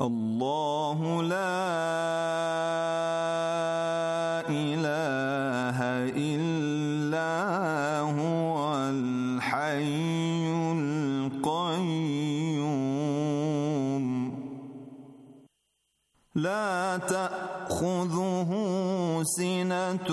الله لا إله إلا هو الحي القيوم لا تأخذه سنة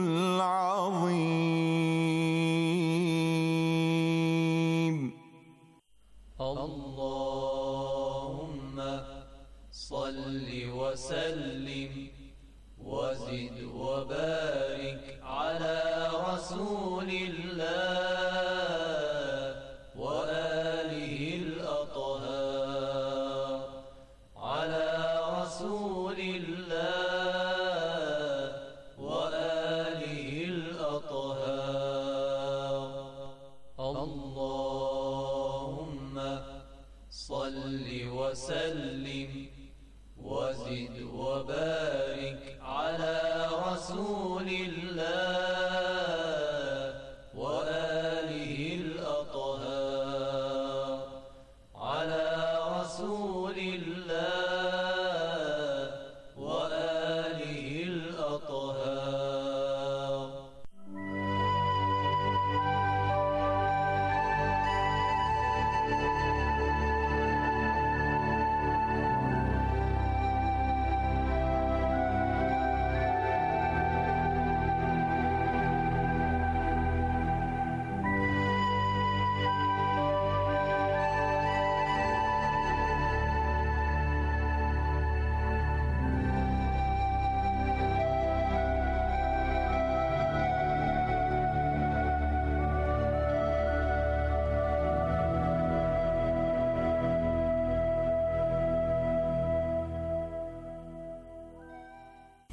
العظيم اللهم صل وسلم وزد وبارك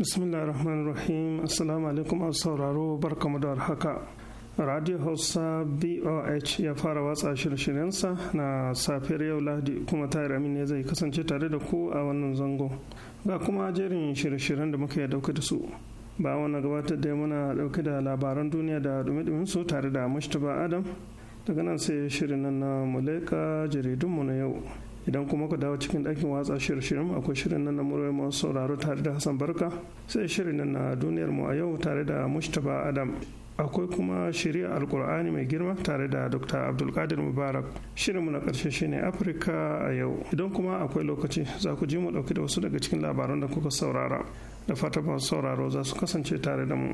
bismillah rahman rahim assalamu alaikum a sauraro barkamu da haka radio hausa boh ya fara watsa shirye-shiryensa na safiyar yau lahadi kuma tayar amin ne zai kasance tare da ku a wannan zango ga kuma jerin shirye-shiryen da muka dauke da su ba wani gabatar da muna dauke da labaran duniya da dumi su tare da mustapha adam daga nan sai shirin nan na mulaika jaridunmu na yau idan kuma ku dawo cikin ɗakin watsa shirye akwai shirin nan na muryoyin masu sauraro tare da hassan barka sai shirin nan na duniyar mu a yau tare da mustapha adam akwai kuma shirya alkur'ani mai girma tare da dr abdulkadir mubarak shirinmu na karshe shine afirka a yau idan kuma akwai lokaci za ku ji mu ɗauki da wasu daga cikin labaran da kuka saurara da fata masu sauraro za su kasance tare da mu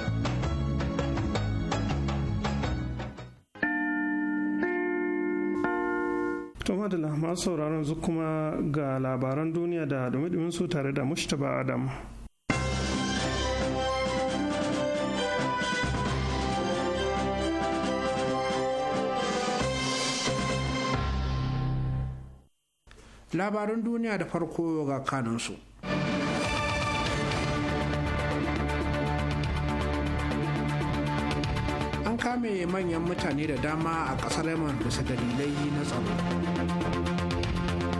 To madalla masu sauraron zu kuma ga labaran duniya da dumi su tare da Mushtaba Adam. Labaran duniya da farko ga kanunsu. manyan mutane da dama a ƙasar yaman bisa dalilai na tsaro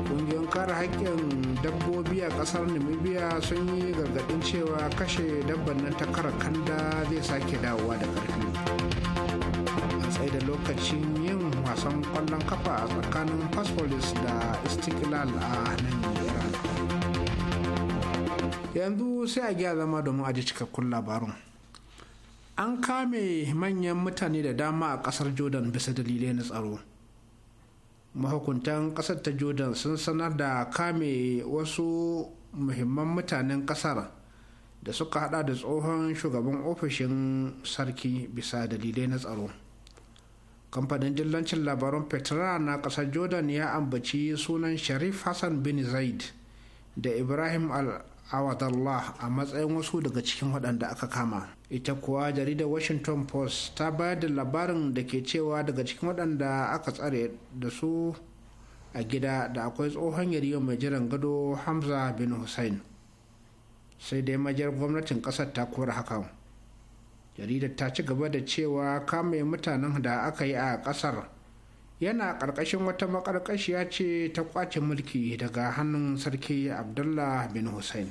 Ƙungiyar kare haƙƙin dabbobi a ƙasar namibia sun yi gargaɗin cewa kashe dabban nan ta kara kanda zai sake dawowa da ƙarfi a tsaye da lokacin yin wasan ƙwallon kafa a tsakanin paspolis da istiklal a nan yanzu sai a gyara zama domin a ji cikakkun labarin an kame manyan mutane da dama a kasar jordan bisa dalilai na tsaro mahukuntan kasar ta jordan sun sanar da kame wasu muhimman mutanen kasar da suka hada da tsohon shugaban ofishin sarki bisa dalilai na tsaro kamfanin dillancin labaran petra na kasar jordan ya ambaci sunan sharif hassan bin zaid da ibrahim al awadallah a matsayin wasu daga cikin waɗanda aka kama ita kuwa jaridar washington post ta bayar da labarin da ke cewa daga cikin waɗanda aka tsare da su a gida da akwai tsohon yariyo mai jiran gado hamza bin hussein sai dai majiyar gwamnatin ƙasar ta kura hakan jaridar ta ci gaba da cewa kame mutanen da aka yi a ƙasar yana ƙarƙashin wata maƙarƙashiya ce ta ƙwace mulki daga hannun sarki abdullah bin hussein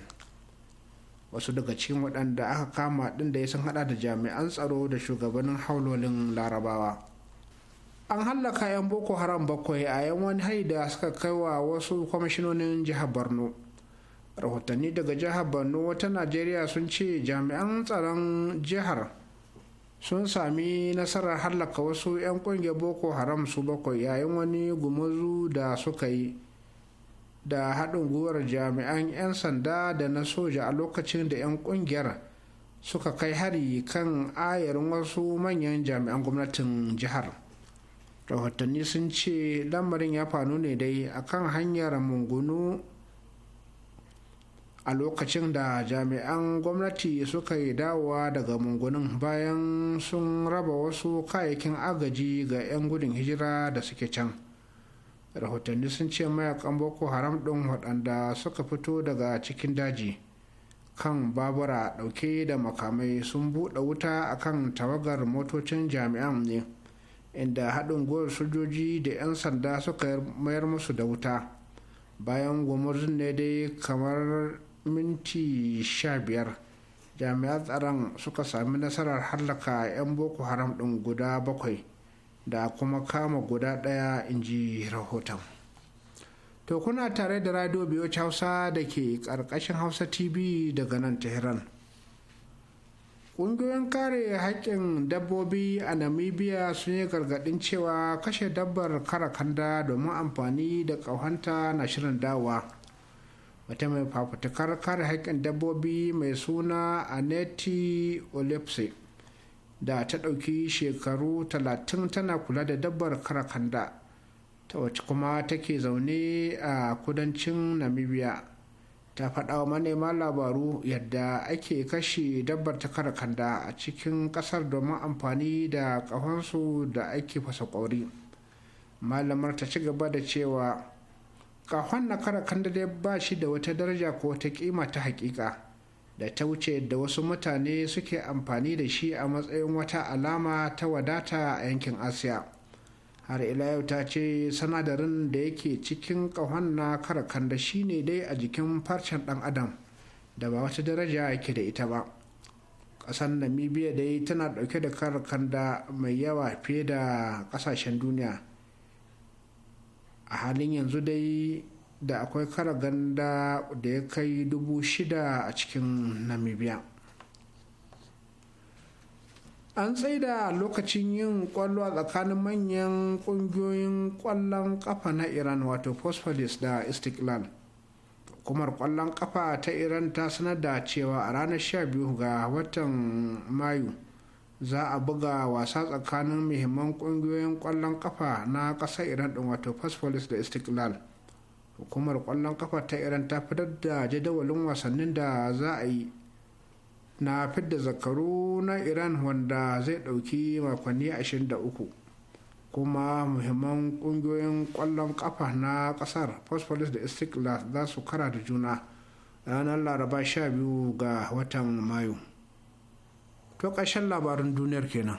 wasu daga cikin waɗanda aka kama ɗin da ya sun haɗa da jami'an tsaro da shugabannin haulolin larabawa an hallaka 'yan boko haram bakwai a yan wani hari da suka kai wa wasu kwamishinonin jihar borno rahotanni daga jihar borno wata najeriya sun ce jami'an tsaron jihar sun sami nasarar hallaka wasu 'yan kungiyar boko haram su bakwai yayin wani gumuzu da suka yi da haɗin gwiwar jami'an 'yan sanda da na soja a lokacin da 'yan kungiyar suka kai hari kan ayarin wasu manyan jami'an gwamnatin jihar rahotanni sun ce lamarin ya fanu ne dai akan hanyar mungunu a lokacin da jami'an gwamnati suka yi dawowa daga mungunin bayan sun raba wasu kayayyakin agaji ga 'yan gudun hijira da suke can rahotanni sun ce mayakan boko haram ɗin waɗanda suka fito daga cikin daji kan babura ɗauke da makamai sun buɗe wuta a kan tawagar motocin jami'an ne inda haɗin gwiwar sojoji da 'yan sanda suka mayar musu da wuta bayan gumurzun ne dai kamar minti sha biyar jami'an tsaron suka sami nasarar hallaka 'yan boko haram ɗin guda bakwai da kuma kama guda ɗaya in ji rahoton to kuna tare da radio biyoci hausa da ke ƙarƙashin hausa tv daga nan tehran ƙungiyoyin kare haƙƙin dabbobi a namibia sun yi gargaɗin cewa kashe dabbar kara kanda domin amfani da ƙauhanta na shirin dawa wata mai fafutukar kare haƙƙin dabbobi mai suna aneti olepse da ta ɗauki shekaru talatin tana kula da dabbar karakanda ta wacce kuma take zaune a kudancin namibia ta faɗa wa manema labaru yadda ake kashe dabbar ta karakanda a cikin ƙasar domin amfani da ƙahonsu da ake fasa ƙwauri malamar ta ci gaba da cewa kahon na kara dai ba shi da wata daraja ko wata kima ta hakika da ta wuce da wasu mutane suke amfani da shi a matsayin wata alama ta wadata a yankin asiya har ila yau ta ce sanadarin da yake cikin kahon na kara kanda shi ne dai a jikin farcen dan adam da ba wata daraja yake da ita ba ƙasar namibia dai tana ɗauke da kanda mai yawa fiye da ƙasashen duniya a halin yanzu dai da akwai kara ganda da ya kai dubu shida a cikin namibia an tsaida lokacin yin kwallo a tsakanin manyan kungiyoyin kwallon kafa na iran wato phosphorus da istiklal hukumar kwallon kafa ta iran ta sanar da cewa a ranar 12 ga watan mayu za a buga wasa tsakanin muhimman kungiyoyin kwallon kafa na ƙasar iran din wato persepolis da istiklal hukumar kwallon kafa ta iran ta fitar da jadawalin wasannin da za a yi na fidda zakaru na iran wanda zai ɗauki makonni 23 kuma muhimman kungiyoyin kwallon kafa na ƙasar persepolis da istiklal za su kara da juna ranar laraba 12 ga watan mayu to ƙarshen labarin duniyar kenan.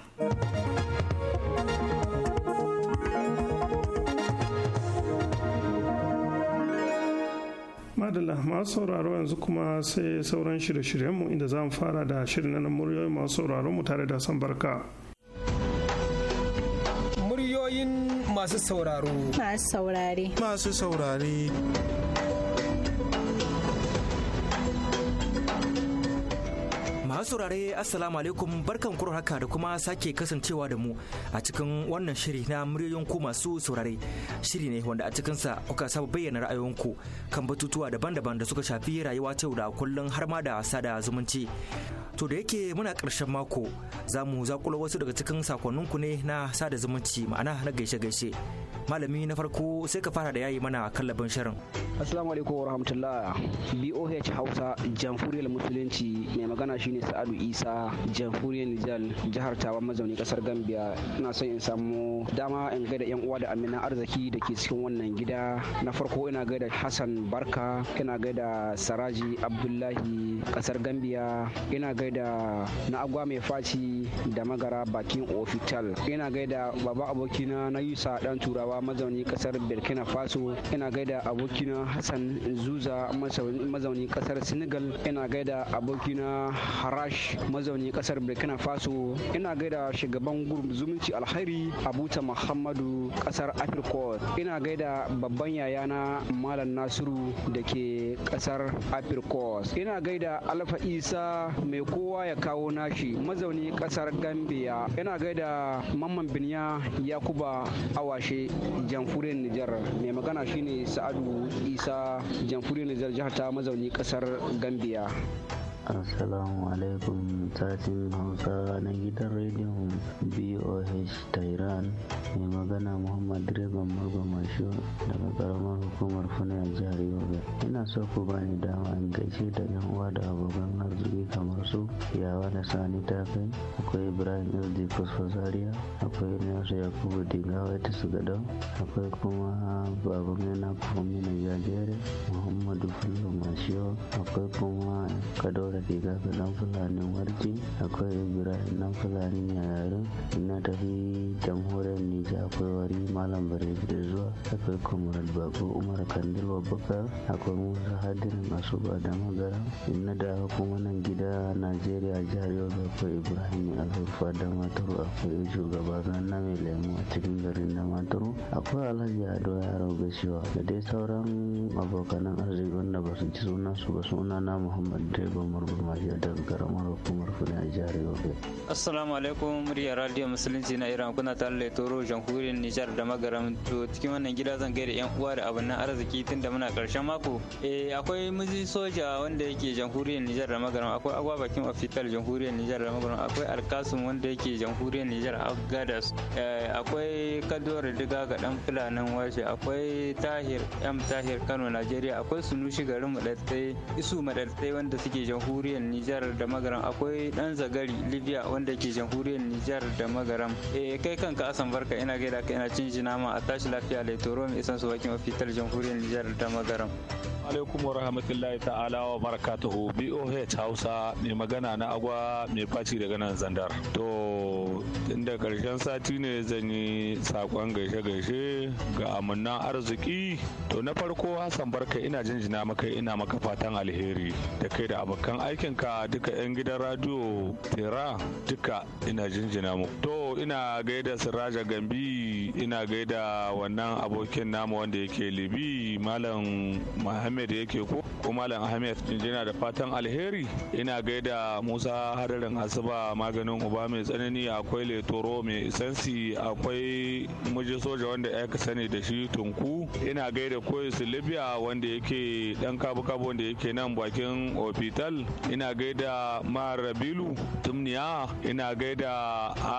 madalla masu sauraro yanzu kuma sai sauran shirye-shiryenmu inda za mu fara da shirin nan muryoyi masu sauraro mu tare da san barka. Muryoyin masu sauraro. Masu saurare. Masu saurare. Masu saurare Assalamu alaikum barkan kuro haka da kuma sake kasancewa da mu a cikin wannan shiri na muryoyin ku masu saurare. Shiri ne wanda a cikinsa kuka saba bayyana ra'ayoyinku kan batutuwa daban-daban da suka shafi rayuwa ta yau da kullun har ma da sada zumunci. To da yake muna karshen mako za mu zakula wasu daga cikin sakonninku ne na sada zumunci ma'ana na gaishe-gaishe. Malami na farko sai ka fara da yayi mana kallabin shirin. Assalamu alaikum wa rahmatullah. BOH Hausa Jamhuriyar Musulunci mai magana shine Sa'adu Isa Jamhuriyar Nijar jihar Tawa mazauni kasar Gambia. Ina son in samu dama in gaida yan uwa da amina arziki da ke cikin wannan gida. Na farko ina gaida Hassan Barka, ina gaida Saraji Abdullahi kasar Gambia, ina gaida gaida na agwa mai faci da magara bakin ofital ina gaida baba abokina na yusa dan turawa mazauni kasar burkina faso ina gaida abokina hassan zuza mazauni kasar senegal ina gaida abokina harash mazauni kasar burkina faso ina gaida shugaban zumunci alhari abuta muhammadu kasar afirkot ina gaida babban yayana malam nasiru da ke kasar afirkot ina gaida alfa isa mai kowa ya kawo nashi mazauni kasar gambia yana gaida mamman biniya yakuba awashe jamhuriyar nijar mai magana shine sa'adu isa jamhuriyar nijar jihar ta mazauni kasar gambia Assalamu alaikum sashin Hausa na gidan rediyon BOH Tehran mai magana Muhammad Direban Murba Masho daga karamar hukumar Funa a jihar Yobe. Ina so ku bani dama in gaishe da yan uwa da abokan arziki kamar su Yawa da Sani ta kai, akwai Ibrahim Ildi Zaria, akwai Nasu Yakubu Digawa ta Sugadau, akwai kuma Baban Yana mina Jajere, Muhammadu fulu Masho, akwai kuma Kadore rigafi nan fulani warji akwai ibrahim nan fulani yare na tafi jamhuriyar nija akwai wari malam bare da zuwa akwai kwamarar bako umar kandil babbakar akwai musa hadirin masu ba da magara ina da kuma nan gida najeriya jihar yau akwai ibrahim alfafa da maturu akwai shugaba na mai lemu a cikin garin da maturu akwai alhaji ado yaro gashiwa da dai sauran abokanan arziki wanda ba su ci sunan su ba suna na muhammad direba gurgurmashi da karamar hukumar fulani a jihar yobe assalamu alaikum muryar radio musulunci na iran kuna tare da toro jamhuriyar nijar da magaram to cikin wannan gida zan gaida yan uwa da abin arziki tun da muna karshen mako eh akwai muzi soja wanda yake jamhuriyar nijar da magaram akwai agwa bakin ofital jamhuriyar nijar da magaram akwai alkasum wanda yake jamhuriyar nijar agadas eh, akwai kadowar diga ga dan fulanin washe akwai tahir m tahir kano najeriya akwai sunushi garin madaddai isu madaddai wanda suke jamhuriyar jamhuriyar Nijar da magaram akwai dan zagari Libya wanda ke jamhuriyar Nijar da magaram eh kai kanka asan barka ina gaida ka ina cin jina ma a tashi lafiya laitoro mai isan su bakin ofitar jamhuriyar Nijar da magaram alaikum warahmatullahi ta'ala wa barakatuhu BOH Hausa mai magana na agwa mai faci daga nan zandar to inda karshen sati ne zan yi sakon gaishe-gaishe ga amannan arziki to na farko Hassan barka ina jinjina maka ina maka fatan alheri da kai da abokan aikinka duka 'yan gidan radio tera duka ina jinjina mu to ina gaida siraja gambi ina gaida wannan abokin namu wanda yake libi malam muhammad yake ko ko malam ahmed jinjina da fatan alheri ina gaida musa hadarin asuba maganin uba mai tsanani akwai letoro mai isansi akwai muji soja wanda ya sani da shi tunku ina gaida koyi su libya wanda yake dan kabu-kabu wanda yake nan bakin ofital ina gaida mar rabilu tumniya ina gaida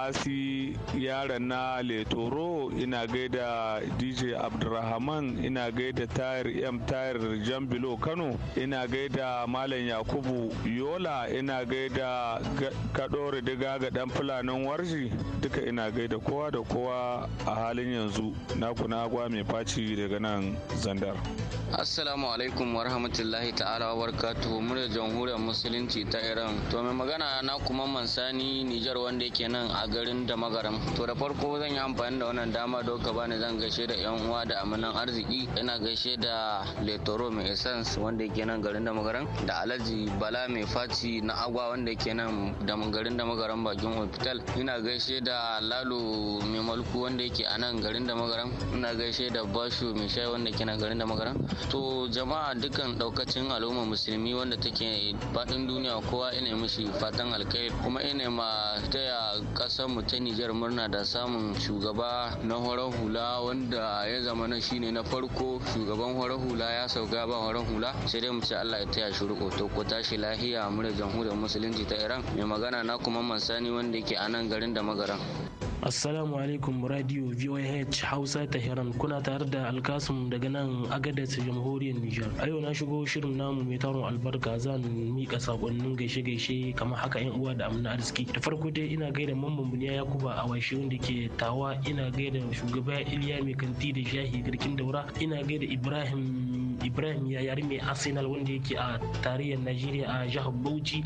asi yaran na letoro ina gaida dj abdurrahman ina gaida tayar m tayar jambilo kano ina gaida malam yakubu yola ina gaida kadore diga ga dan fulanin warji duka ina gaida kowa da kowa a halin yanzu na kuna agwa mai faci daga nan zandar assalamu alaikum wa ta'ala wa barakatuhu murya jamhuriyar musulunci ta iran to mai magana na kuma mansani nijar wanda yake nan a garin da magaram to da farko zan yi amfani da wannan dama doka bani zan gaishe da yan uwa da amanan arziki ina gaishe da letoro mai essence wanda yake nan garin da magaram da alhaji bala mai faci na agwa wanda yake nan da garin da magaram bakin hospital ina gaishe da lalo mai malku wanda yake a nan garin da magaram ina gaishe da bashu mai shayi wanda yake nan garin da magaram to jama'a dukkan daukacin al'umma musulmi wanda take faɗin duniya kowa ina mishi fatan alkhairi kuma ina ma taya ƙasar mu ta Nijar murna da samun shugaba na horar hula wanda ya zama na shine na farko shugaban horar hula ya sauka ba horar hula sai dai mu ce Allah ya taya shi riko to ko tashi lahiya mu da jamhuriyar musulunci ta Iran mai magana na kuma Mansani wanda yake a nan garin da magaran. Assalamu alaikum radio VOH Hausa Tehran kuna tare da Alkasum daga nan Agadez Jamhuriyar Nijar. A yau na shigo shirin namu mai taron albarka zan mika sakonnin gaishe-gaishe kamar haka yan uwa da amna arziki. Da farko dai ina gaida mamman Buniya Yakuba a washe wanda ke tawa ina gaida shugaba Iliya Mai Kanti da Shahi Garkin Daura ina gaida Ibrahim ibrahim yayari mai arsenal wanda yake a tarayyar najeriya a jihar bauchi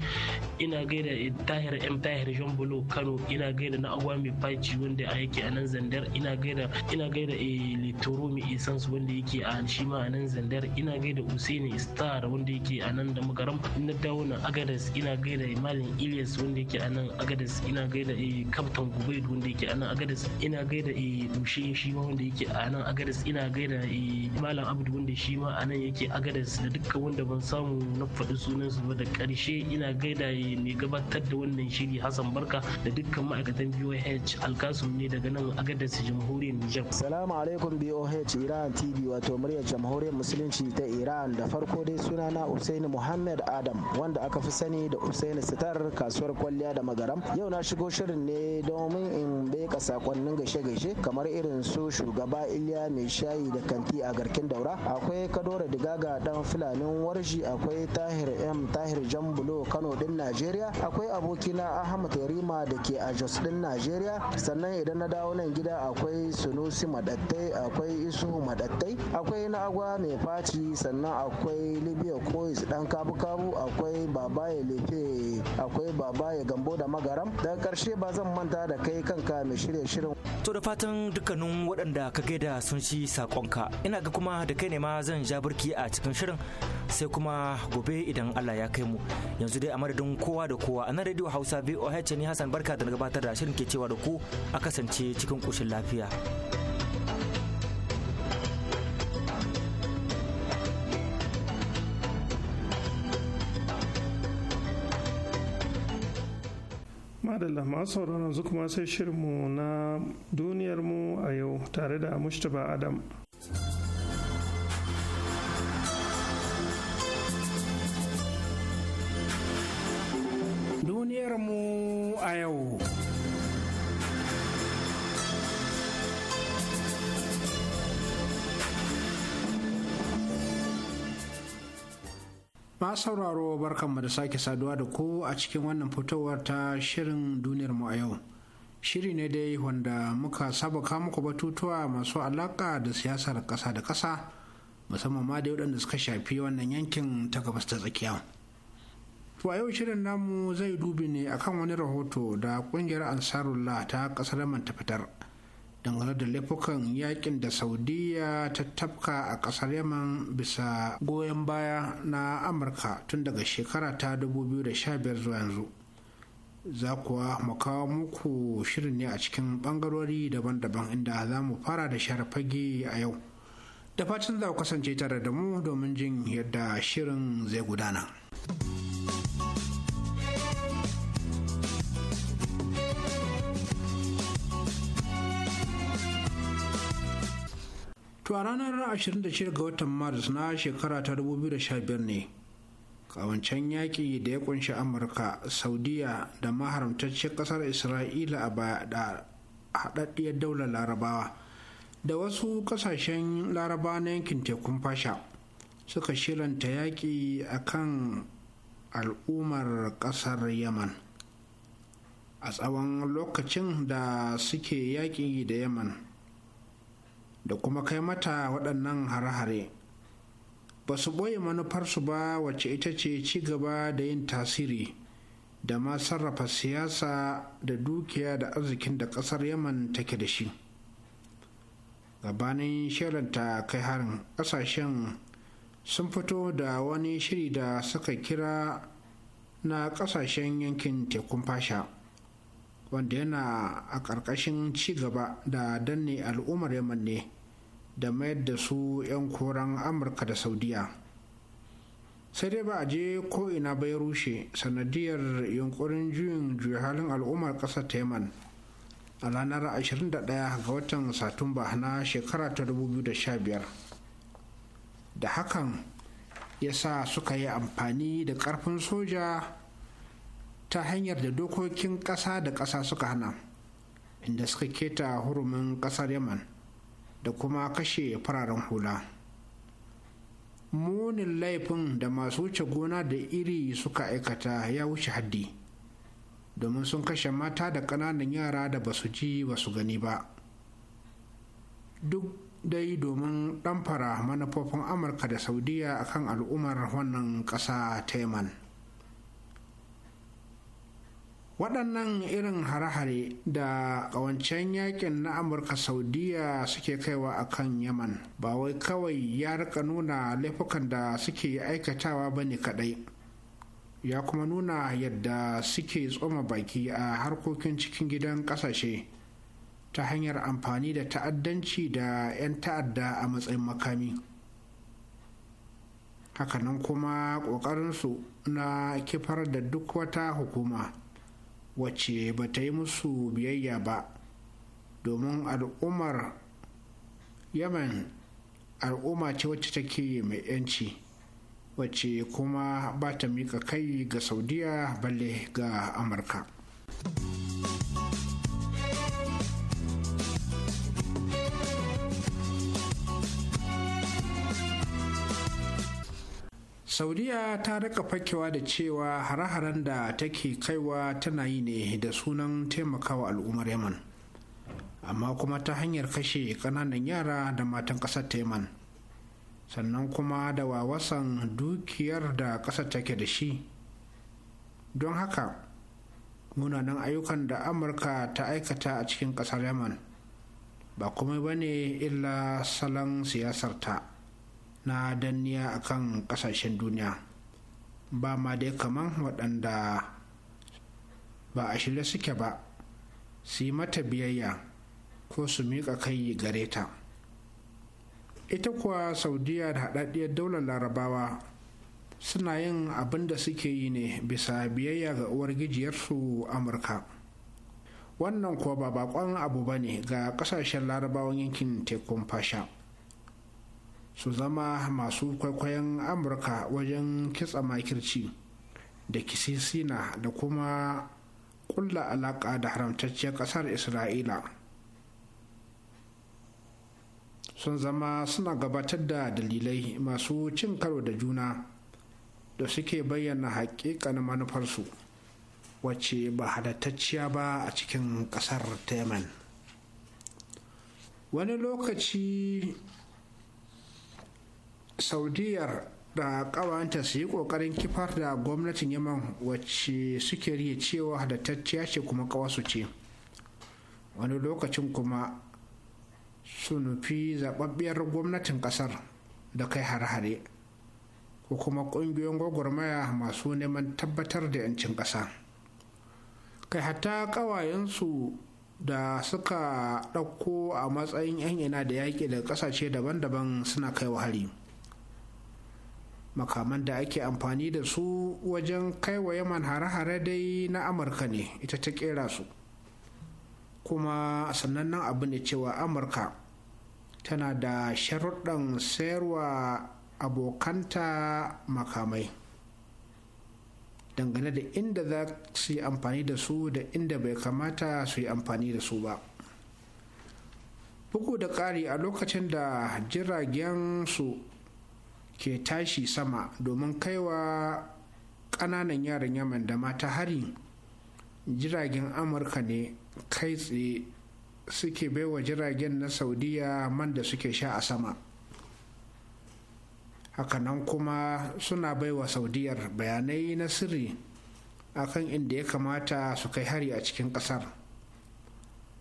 ina gaida tahir m tahir jean bolo kano ina gaida na agwa mai faci wanda a yake a nan zandar ina gaida ina gaida eh, litoro mai isans wanda yake a shi ma a nan zandar ina gaida usaini star wanda yake a nan da magaram na dawo na agadas ina gaida malam ilyas wanda yake a nan agadas ina gaida eh, captain gubaid wanda yake a nan agadas ina gaida dushe eh, shi ma wanda yake a nan agadas ina gaida malam abdu wanda shi ma a anan nan yake agadas da dukkan wanda ban samu na faɗi sunansu ba da ƙarshe ina gaida mai gabatar da wannan shiri hassan barka da dukkan ma'aikatan boh alkasum ne daga nan agadas jamhuriyar nijar salamu alaikum boh iran tv wato muryar jamhuriyar musulunci ta iran da farko dai sunana usaini muhammad adam wanda aka fi sani da usaini sitar kasuwar kwalliya da magaram yau na shigo shirin ne domin in beka sakonnin gaishe-gaishe kamar irin su shugaba iliya mai shayi da kanti a garkin daura akwai kado ado digaga ga dan filanin warji akwai tahir m tahir jan jambulo kano din najeriya akwai abokina ahmad yarima da ke a jos din najeriya sannan idan na dawo nan gida akwai sunusi madattai akwai isu madattai akwai na agwa mai faci sannan akwai libya kois dan kabu-kabu akwai babaye lefe akwai babaye gambo da magaram daga karshe ba zan manta da kai kanka mai shirya shirin to da fatan dukkanin waɗanda ka gaida sun shi sakonka ina ga kuma da kai ne ma zan ja birki a cikin shirin sai kuma gobe idan Allah ya kai mu yanzu dai a madadin kowa da kowa a nan radio Hausa VOH ne Hassan barka da na gabatar da shirin ke cewa da ku a kasance cikin kushin lafiya. madalla masu sauraron kuma sai shirinmu na duniyarmu a yau tare da mustapha adam Israel. Ma sauraro barkanmu da sake saduwa da ku a cikin wannan fitowar ta shirin duniyar mu a yau. Shiri ne dai wanda muka saba muku batutuwa masu alaka da siyasar ƙasa da ƙasa musamman ma dai waɗanda suka shafi wannan yankin ta gabas ta tsakiya. To a yau shirin namu zai dubi ne akan wani rahoto da kungiyar Ansarullah ta kasar Yaman ta fitar dangane da laifukan yakin da Saudiya ta tafka a kasar Yaman bisa goyon baya na Amurka tun daga shekara ta 2015 zuwa yanzu. Za kuwa mu kawo muku shirin ne a cikin bangarori daban-daban inda za mu fara da share fage a yau. Da fatan za ku kasance tare da mu domin jin yadda shirin zai gudana. to a ranar 26 ga watan maris na shekara ta 2015 ne kawancen yaƙi da ya kunshi amurka saudiya da maharamtaccen ƙasar isra'ila a baya da haɗaɗɗiyar daular larabawa da wasu ƙasashen laraba na yankin tekun fasha suka shiranta yaƙi a kan al'ummar ƙasar yaman a tsawon lokacin da suke yaƙi da yaman da kuma kai mata waɗannan hare-hare ba su ɓoye manufarsu ba wacce ita ce ci gaba da yin tasiri da ma sarrafa siyasa da dukiya da arzikin da ƙasar yaman take da shi gabanin ta kai harin ƙasashen sun fito da wani shiri da suka kira na ƙasashen yankin tekun fasha wanda yana a ƙarƙashin ci gaba da danne al'ummar yaman ne da mayar da su 'yan koran amurka da saudiya sai dai ba a je ko'ina bai rushe sanadiyar yunkurin juyin juya halin al'ummar ta taiman a ranar 21 ga watan satumba na shekara ta 2015 da hakan ya sa suka yi amfani da ƙarfin soja ta hanyar da dokokin ƙasa da ƙasa suka hana inda suka keta hurumin ƙasar yaman da kuma kashe fararen hula munin laifin da masu wuce gona da iri suka aikata ya wuce haddi domin sun kashe mata da ƙananan yara da ba su ji ba su gani ba duk dai domin ɗamfara manufofin amurka da saudiya akan al'ummar wannan ƙasa ta yaman waɗannan irin hare-hare da ƙawancen yakin na amurka saudiya suke kaiwa a kan yaman ba wai kawai ya rika nuna laifukan da suke aikatawa ba ne kaɗai ya kuma nuna yadda suke tsoma baki a harkokin cikin gidan ƙasashe ta hanyar amfani da ta'addanci da 'yan ta'adda a matsayin makami hakanan kuma ƙoƙarinsu na kifar da duk wata hukuma wace ba ta yi musu biyayya ba domin al'ummar yaman al'umma ce wacce take mai 'yanci wacce kuma ba ta mika kai ga saudiya balle ga amurka saudiya ta rika fakewa da cewa hare-haren da take kaiwa tana yi ne da sunan taimakawa al'ummar yaman amma kuma ta hanyar kashe kananan yara da matan ƙasar ta yaman sannan kuma da wawasan dukiyar da ƙasar take da shi don haka munanan ayyukan da amurka ta aikata a cikin ƙasar yaman ba kuma ba ne illa salon ta. na danniya a kan kasashen duniya ba ma dai kaman waɗanda ba a shirya suke ba su yi mata biyayya ko su miƙa kai gare ta ita kuwa saudiya da haɗaɗɗiyar daular larabawa suna yin abin da suke yi ne bisa biyayya ga uwargijiyarsu amurka wannan kuwa ba bakon abu ba ne ga ƙasashen larabawan yankin tekun fasha su zama masu kwaikwayon amurka wajen kitsa makirci da kisisina da kuma kulla alaka da haramtacciyar kasar isra'ila sun zama suna gabatar da dalilai masu cin karo da juna da suke bayyana haƙiƙan manufarsu wacce ba halattacciya ba a cikin ƙasar Taiman. wani lokaci saudiyar da kawanta su yi kokarin kifar da gwamnatin yaman wacce suke riye cewa hadattacciya ce kuma kawasu ce wani lokacin kuma su nufi zababbiyar gwamnatin kasar da kai har-hare ko kuma kungiyoyin gwagwarmaya masu neman tabbatar da 'yancin ƙasa kai hatta ƙawayensu da suka ɗauko a matsayin 'yan yana da yaƙi daga ƙasashe daban-daban suna kai wa hari. makaman da ake amfani da su wajen kaiwa yaman hare-hare dai na amurka ne ita ta kera su kuma sanannen abu ne cewa amurka tana da sharuɗan sayarwa abokanta makamai dangane da inda za su yi amfani da su da inda bai kamata su yi amfani da su ba bugu da ƙari a lokacin da jiragen su ke tashi sama domin kaiwa ƙananan yaran yaman da mata hari jiragen amurka ne kai tsaye suke baiwa jiragen na saudiya man da suke sha a sama hakanan kuma suna baiwa saudiyar bayanai na sirri akan inda ya kamata su kai hari a cikin ƙasar.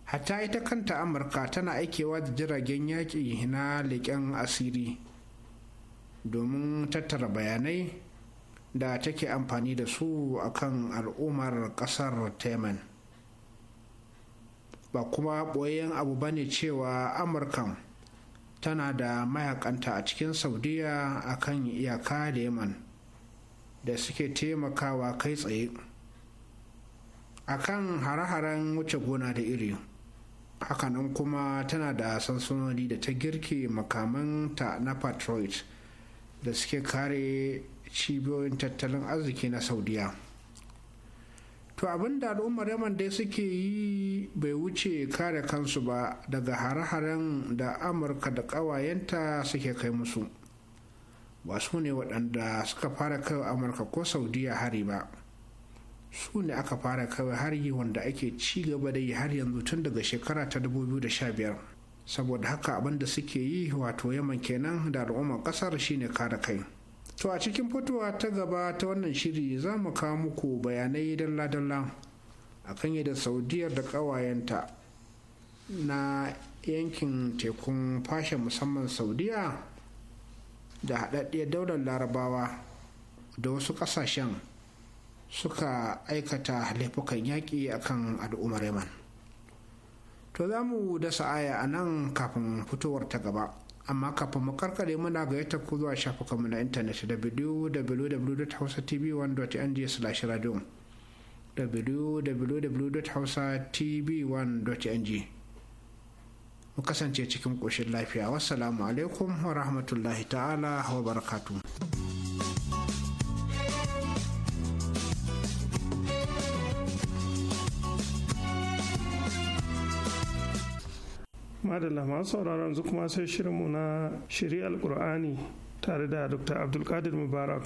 hatta ita kanta amurka tana aikewa da jiragen yaƙi na leƙen asiri domin tattara bayanai da take amfani da su a kan al'ummar ƙasar Taiman, ba kuma ɓoyayyen abu ba ne cewa amurkan tana da mayakanta a cikin saudiya a kan iyaka da yaman da suke taimakawa kai tsaye a kan hare-haren wuce gona da iri hakanan kuma tana da sansanoni da ta girke makamanta na patriot da suke kare cibiyoyin tattalin arziki na saudiya to abin da al'ummar yaman dai suke yi bai wuce kare kansu ba daga hare-haren da amurka da ƙawayenta suke kai musu ba su ne waɗanda suka fara kai amurka ko saudiya hari ba su ne aka fara kai hari wanda ake ci gaba da yi har yanzu tun daga shekara ta 2015 saboda haka abinda suke yi wato yaman kenan da al'ummar kasar shine kare kai to a cikin fitowa ta gaba ta wannan shiri za mu kawo muku bayanai dalla-dalla akan yadda saudiyar da ƙawayenta na yankin tekun fashe musamman saudiya da haɗaɗɗiyar daular larabawa da wasu ƙasashen suka aikata laifukan yaƙi akan al'ummar yaman. to za mu dasa aya a nan kafin fitowar ta gaba amma kafin mu karkare muna ga yata ku zuwa mu na intanet www.hausatv1.ng/radio www.hausatv1.ng mu kasance cikin ƙoshin lafiya wassalamu alaikum wa rahmatullahi ta'ala wa barakatuh madalla masu sauraron yanzu kuma sai shirinmu na shiri alkur'ani tare da dr abdulkadir mubarak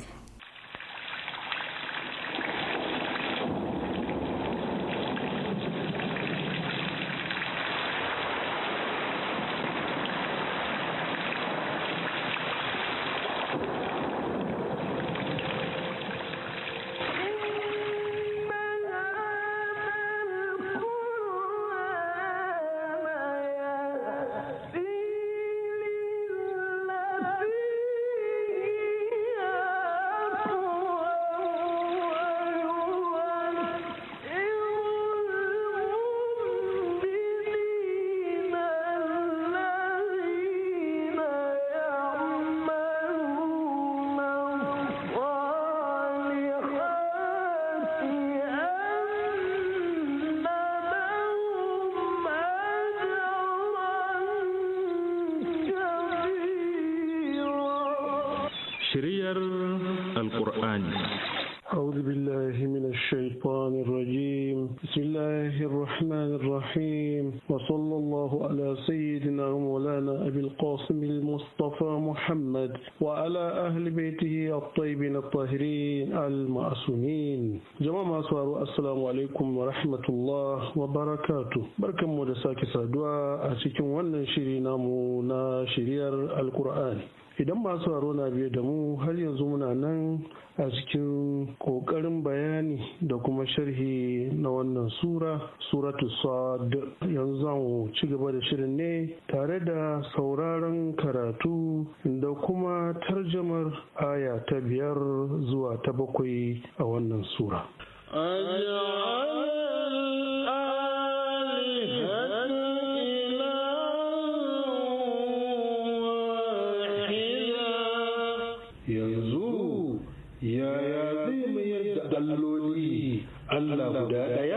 alloli Allah guda ɗaya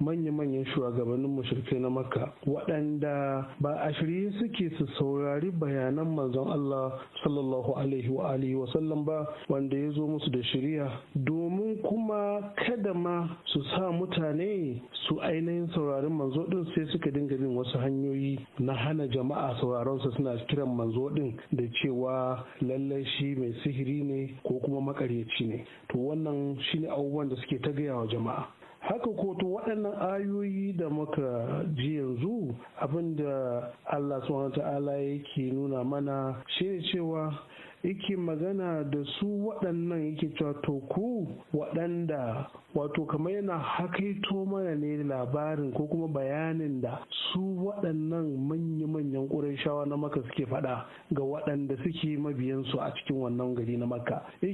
manya-manyan shugabannin mushrikai na makka waɗanda ba a shirye suke su saurari bayanan manzon Allah sallallahu alaihi wa alihi wa sallam ba wanda ya zo musu da shirya domin kuma kada ma su sa mutane su ainihin saurarin manzo din sai suka dinga bin wasu hanyoyi na hana jama'a sauraron su suna kiran manzo din da cewa lallai shi mai sihiri ne ko kuma makaryaci ne to wannan shine abubuwan da suke ta gaya wa jama'a haka kotu waɗannan ayoyi da muka ji yanzu abinda Allah subhanahu ta'ala yake nuna mana shine cewa yake magana da su waɗannan yake cewa toku waɗanda wato kamar yana hakaito mana ne labarin ko kuma bayanin da su waɗannan manya-manyan ƙurashawa na maka suke faɗa ga waɗanda suke mabiyansu a cikin wannan gari na makka eh,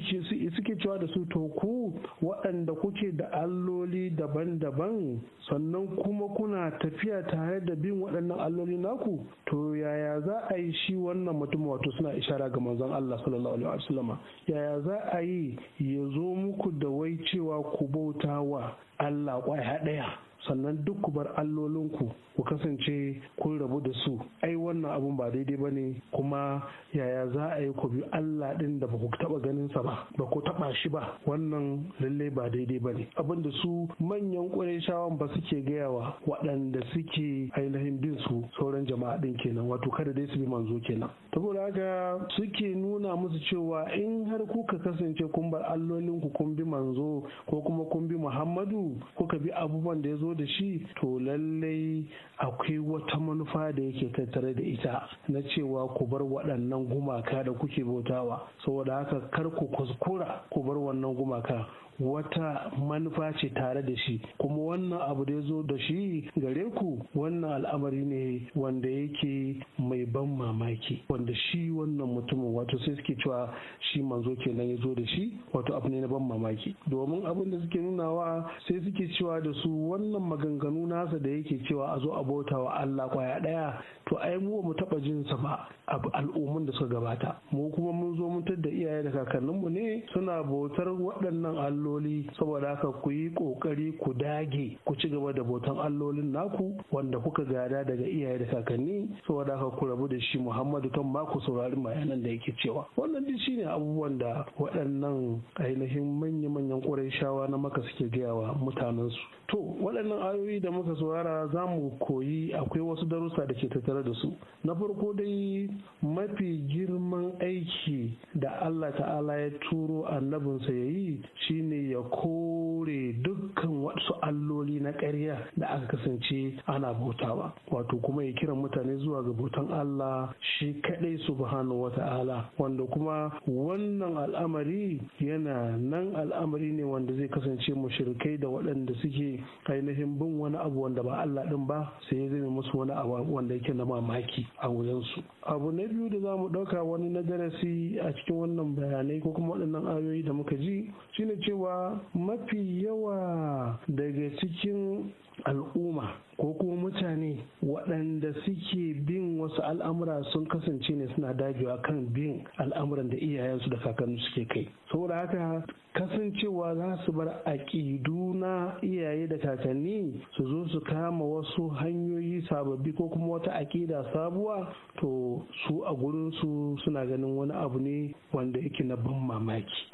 suke cewa da su to ku waɗanda kuke da alloli daban-daban sannan kuma kuna tafiya tare da bin waɗannan alloli naku to yaya za a yi shi wannan mutum wato suna ishara ga manzon Allah sallallahu alaihi wasallama yaya za a yi ya zo muku da wai cewa ku bau bauta wa Allah kwaya haɗaya. sannan duk ku bar allolinku ku kasance kun rabu da su ai wannan abun ba daidai ba ne kuma yaya za a yi ku bi Allah ɗin da ba ku taɓa ganin sa ba ba ku taɓa shi ba wannan lalle ba daidai ba ne abin da su manyan ƙurayshawan ba suke gaya wa waɗanda suke ainihin bin su sauran jama'a ɗin kenan wato kada dai su bi manzo kenan saboda haka suke nuna musu cewa in har kuka kasance kun bar allolinku kun bi manzo ko kuma kun bi Muhammadu kuka bi abubuwan da ya zo da shi to lallai akwai wata manufa da yake tattare da ita na cewa ku bar waɗannan gumaka da kuke bautawa saboda haka kar ku kuskura ku bar wannan gumaka wata manufa ce tare da shi kuma wannan abu da ya zo da shi gare ku wannan al'amari ne wanda yake mai ban mamaki wanda shi wannan mutumin wato sai suke cewa shi manzo kenan ya zo da shi wato abu ne na ban mamaki domin abin da suke nunawa sai suke cewa da su wannan maganganu nasa da yake cewa a zo a bauta wa Allah kwaya daya to ai mu mu taba jin sa ba al'umman da suka gabata mu kuma mun zo mun da iyaye da kakanninmu ne suna bautar waɗannan allo alloli saboda haka ku yi kokari ku dage ku ci gaba da botan allolin naku wanda kuka gada daga iyaye da kakanni saboda haka ku rabu da shi muhammadu kan ma ku saurari mayanan da yake cewa wannan duk shine abubuwan da waɗannan ainihin manya-manyan shawa na maka suke gaya wa mutanensu to waɗannan ayoyi da muka saurara za mu koyi akwai wasu darussa da ke tattare da su na farko dai mafi girman aiki da allah ta'ala ya turo annabinsa ya yi shine ya kore dukkan wasu alloli na ƙarya da aka kasance ana bautawa wato kuma ya kiran mutane zuwa ga bautan Allah shi kaɗai subhanahu wata'ala wanda kuma wannan al'amari yana nan al'amari ne wanda zai kasance mushrikai da waɗanda suke ainihin bin wani abu wanda ba Allah ɗin ba sai ya zai musu wani abu wanda yake na mamaki a wajensu abu na biyu da za mu ɗauka wani na darasi a cikin wannan bayanai ko kuma waɗannan ayoyi da muka ji shine cewa cewa mafi yawa daga cikin al'umma ko kuma mutane waɗanda suke bin wasu al'amura sun kasance ne suna dagewa kan bin al'amuran da iyayensu da kakanni suke kai saboda haka kasancewa za su bar aƙidu na iyaye da kakanni su zo su kama wasu hanyoyi sababbi ko kuma wata aƙida sabuwa to su a gurinsu suna ganin wani abu ne wanda yake na ban mamaki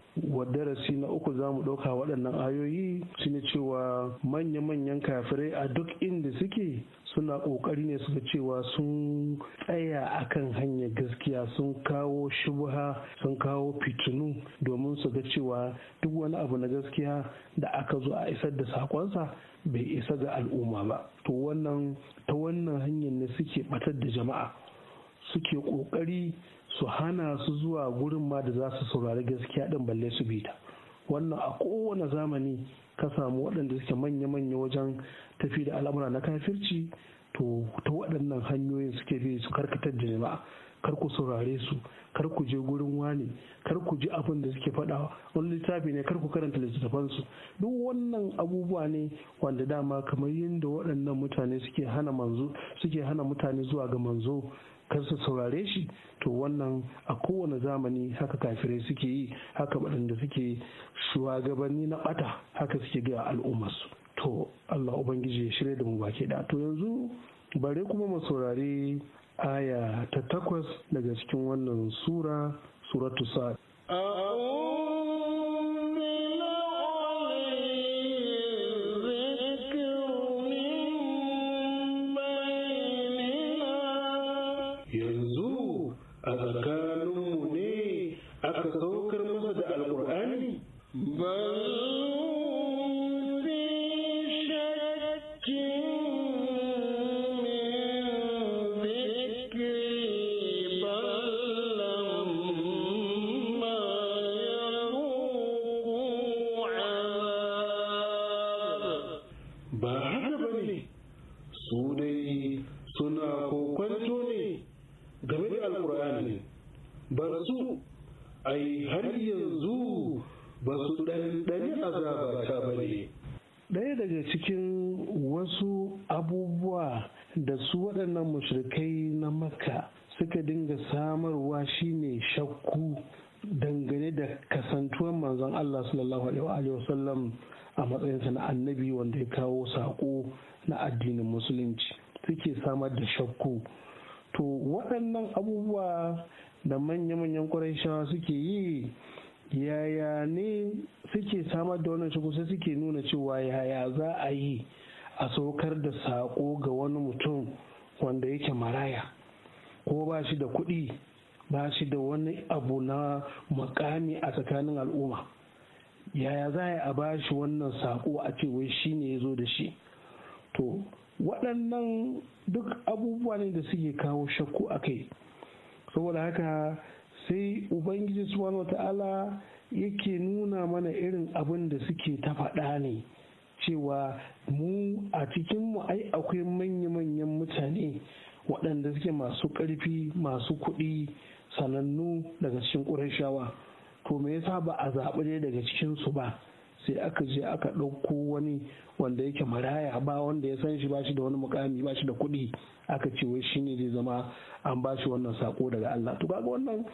darasi na uku za mu ɗauka waɗannan ayoyi shine cewa manya-manyan kafirai a duk inda suke suna ƙoƙari ne suka cewa sun tsaya akan hanyar gaskiya sun kawo shubha sun kawo fitinu domin su ga cewa duk wani abu na gaskiya da aka zo a isar da sakonsa bai isa ga al'umma ba to wannan ta wannan hanyar ne suke batar da jama'a suke ƙoƙari su hana su zuwa gurin ma da za su saurari gaskiya ɗin balle su bi ta wannan a kowane zamani ka samu waɗanda suke manya-manya wajen tafi da al'amura na kafirci to ta waɗannan hanyoyin suke bi su karkatar da jama'a kar ku saurare su kar ku je gurin wani kar ku ji abin da suke faɗa wani littafi ne kar ku karanta littattafan su duk wannan abubuwa ne wanda dama kamar yadda waɗannan mutane suke hana manzo suke hana mutane zuwa ga manzo kar su saurare shi to wannan a kowane zamani haka kafirai suke yi haka waɗanda suke shugabanni na ɓata haka suke ga al'ummarsu to Allah ubangiji ya shirya da mu baki da to yanzu bare kuma mu saurare aya ta takwas daga cikin wannan sura suratu sa'ad da manya-manyan ƙwarai suke yi yaya ne suke samar da wannan shigo sai suke nuna cewa yaya za a yi a saukar da saƙo ga wani mutum wanda yake maraya ko ba shi da kuɗi ba shi da wani abu na makami a tsakanin al'umma yaya za a ba shi wannan saƙo a ce wai shi ne ya zo da shi to waɗannan duk abubuwa ne da suke kawo shakku a kai saboda haka sai ubangiji subhanahu wata'ala yake nuna mana irin abin da suke ta faɗa ne cewa mu a cikinmu ai akwai manya-manyan mutane waɗanda suke masu ƙarfi masu kuɗi sanannu daga cikin ƙurashawa to me yasa ba a zaɓi daga cikinsu ba sai aka je aka ɗauko wani wanda yake maraya ba wanda ya san shi ba shi da wani mukami ba shi da kuɗi aka ce wai shine zai zama an ba shi wannan sako daga Allah to kaga wannan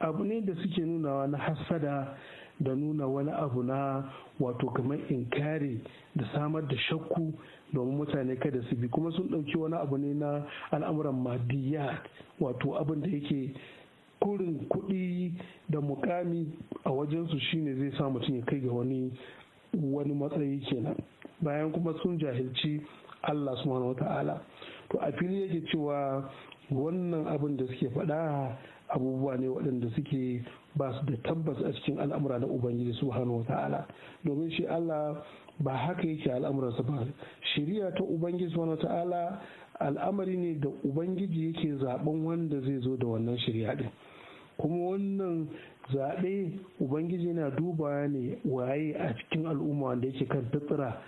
abu ne da suke nunawa na hassada da nuna wani abu na wato kamar inkari da samar da shakku domin mutane kada su bi kuma sun ɗauki wani abu ne na al'amuran madiyat wato abin da yake kurin kuɗi da mukami a wajensu shine zai sa mutum ya kai ga wani wani matsayi kenan bayan kuma sun jahilci Allah subhanahu wata'ala to a fili yake cewa wannan abin da suke faɗa abubuwa ne waɗanda suke ba su da tabbas a cikin al'amura na ubangiji subhanahu wata'ala domin shi Allah ba haka yake al'amuransa ba shari'a ta ubangiji subhanahu wata'ala al'amari ne da ubangiji yake zaben wanda zai zo da wannan shari'a din kuma wannan zaɓe ubangiji na duba ne waye a cikin al'umma wanda yake kan fitsira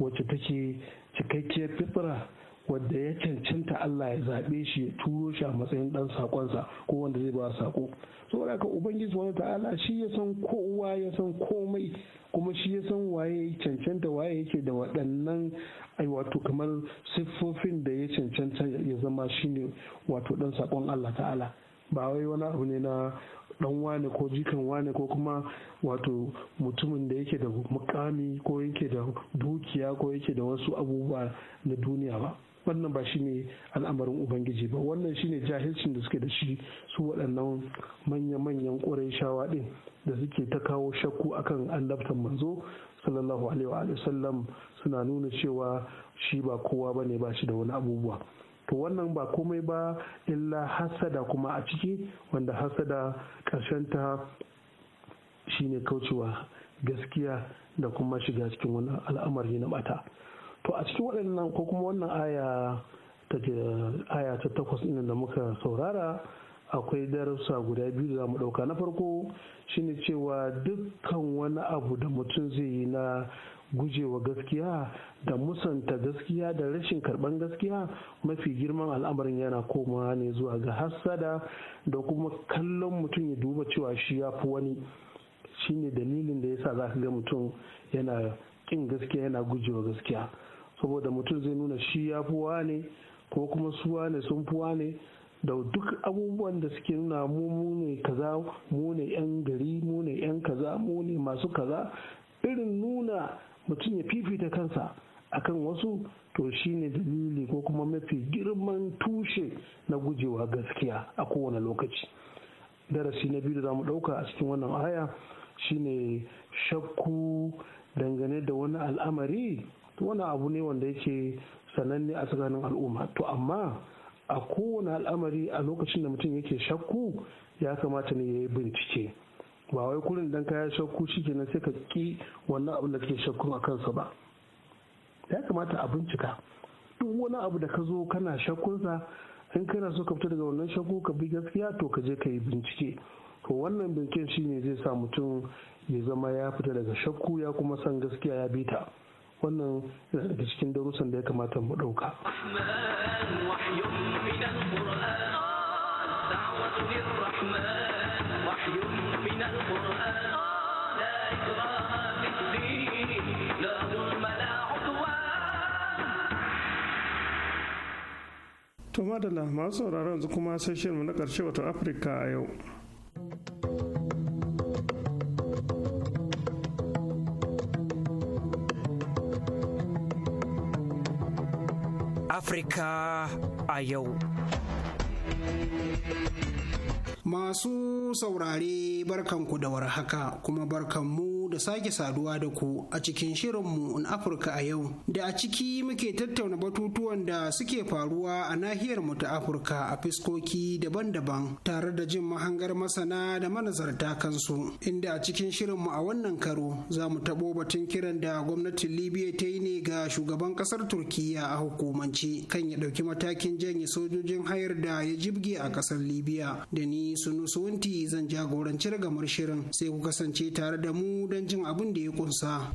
wacce take cikakkiyar fitsira wadda ya cancanta Allah ya zaɓe shi ya turo shi a matsayin ɗan saƙonsa ko wanda zai ba saƙo saboda ka ubangiji wani ta'ala shi ya san kowa ya san komai kuma shi ya san waye cancanta waye yake da waɗannan ai wato kamar siffofin da ya cancanta ya zama shine wato ɗan saƙon Allah ta'ala ba wai wani abu ne na dan wane ko jikan wane ko kuma wato mutumin da yake da mukami ko yake da dukiya ko yake da wasu abubuwa na duniya ba wannan ba shi ne al'amarin ubangiji ba wannan shi ne jahilcin da suke da shi su waɗannan manya-manyan shawa ɗin da suke ta kawo shakku akan annabtan manzo sallallahu alaihi wa sallam suna nuna cewa shi ba kowa ba ne ba shi da wani abubuwa to wannan ba komai ba illa hassada kuma a ciki wanda hasada ƙarshenta shine kaucewa gaskiya da kuma shiga cikin wannan al'amari na bata to a cikin waɗannan ko kuma wannan aya ta takwas inda muka saurara akwai darussa guda biyu da mu ɗauka na farko shine cewa dukkan wani abu da mutum zai yi na gujewa gaskiya da musanta gaskiya da rashin karban gaskiya mafi girman al'amarin yana koma ne zuwa ga hassada da kuma kallon mutum ya duba cewa shi ya fi wani shine dalilin da yasa za ka ga mutum yana kin gaskiya yana gujewa gaskiya saboda mutum zai nuna shi ya fi wane ko kuma su wane sun fi wane da duk abubuwan da suke nuna mu mu ne kaza mu ne yan gari mu ne yan kaza mu ne masu kaza irin nuna mutum ya fifita kansa akan wasu to shine dalili ko kuma mafi girman tushe na gujewa gaskiya a kowane lokaci darasi na biyu da zamu dauka a cikin wannan aya shine shakku dangane da wani al'amari wani abu ne wanda yake sananne a tsakanin al'umma to amma a kowane al'amari a lokacin da mutum yake shakku ya kamata ne ya yi bincike ba wai kurin dan kaya shakku shikenan sai ka ki wannan abin da ke shakku a kansa ba ya kamata a bincika duk wani abu da ka zo kana shakkunsa in kana so ka fita daga wannan shakku ka bi gaskiya to ka je ka yi bincike to wannan binciken ne zai sa mutum ya zama ya fita daga shakku ya kuma san gaskiya ya bi ta wannan yana daga cikin darussan da ya kamata mu ɗauka. To madalla masu sauraron kuma sashen mu na ƙarshe wato Afirka a yau. Afirka a yau. Masu saurare barkanku da warhaka kuma barkanmu da sake saduwa da ku a cikin shirinmu in Afirka a yau da a ciki muke tattauna batutuwan da suke faruwa a nahiyar mu ta Afirka a fiskoki daban-daban tare da jin mahangar masana da manazarta kansu inda a cikin shirinmu a wannan karo za mu tabo batun kiran da gwamnatin Libya ta yi ne ga shugaban kasar Turkiyya a hukumance kan ya ɗauki matakin janye sojojin hayar da ya jibge a kasar Libya da ni wunti zan jagoranci ragamar shirin sai ku kasance tare da mu don don jin abin da ya kunsa.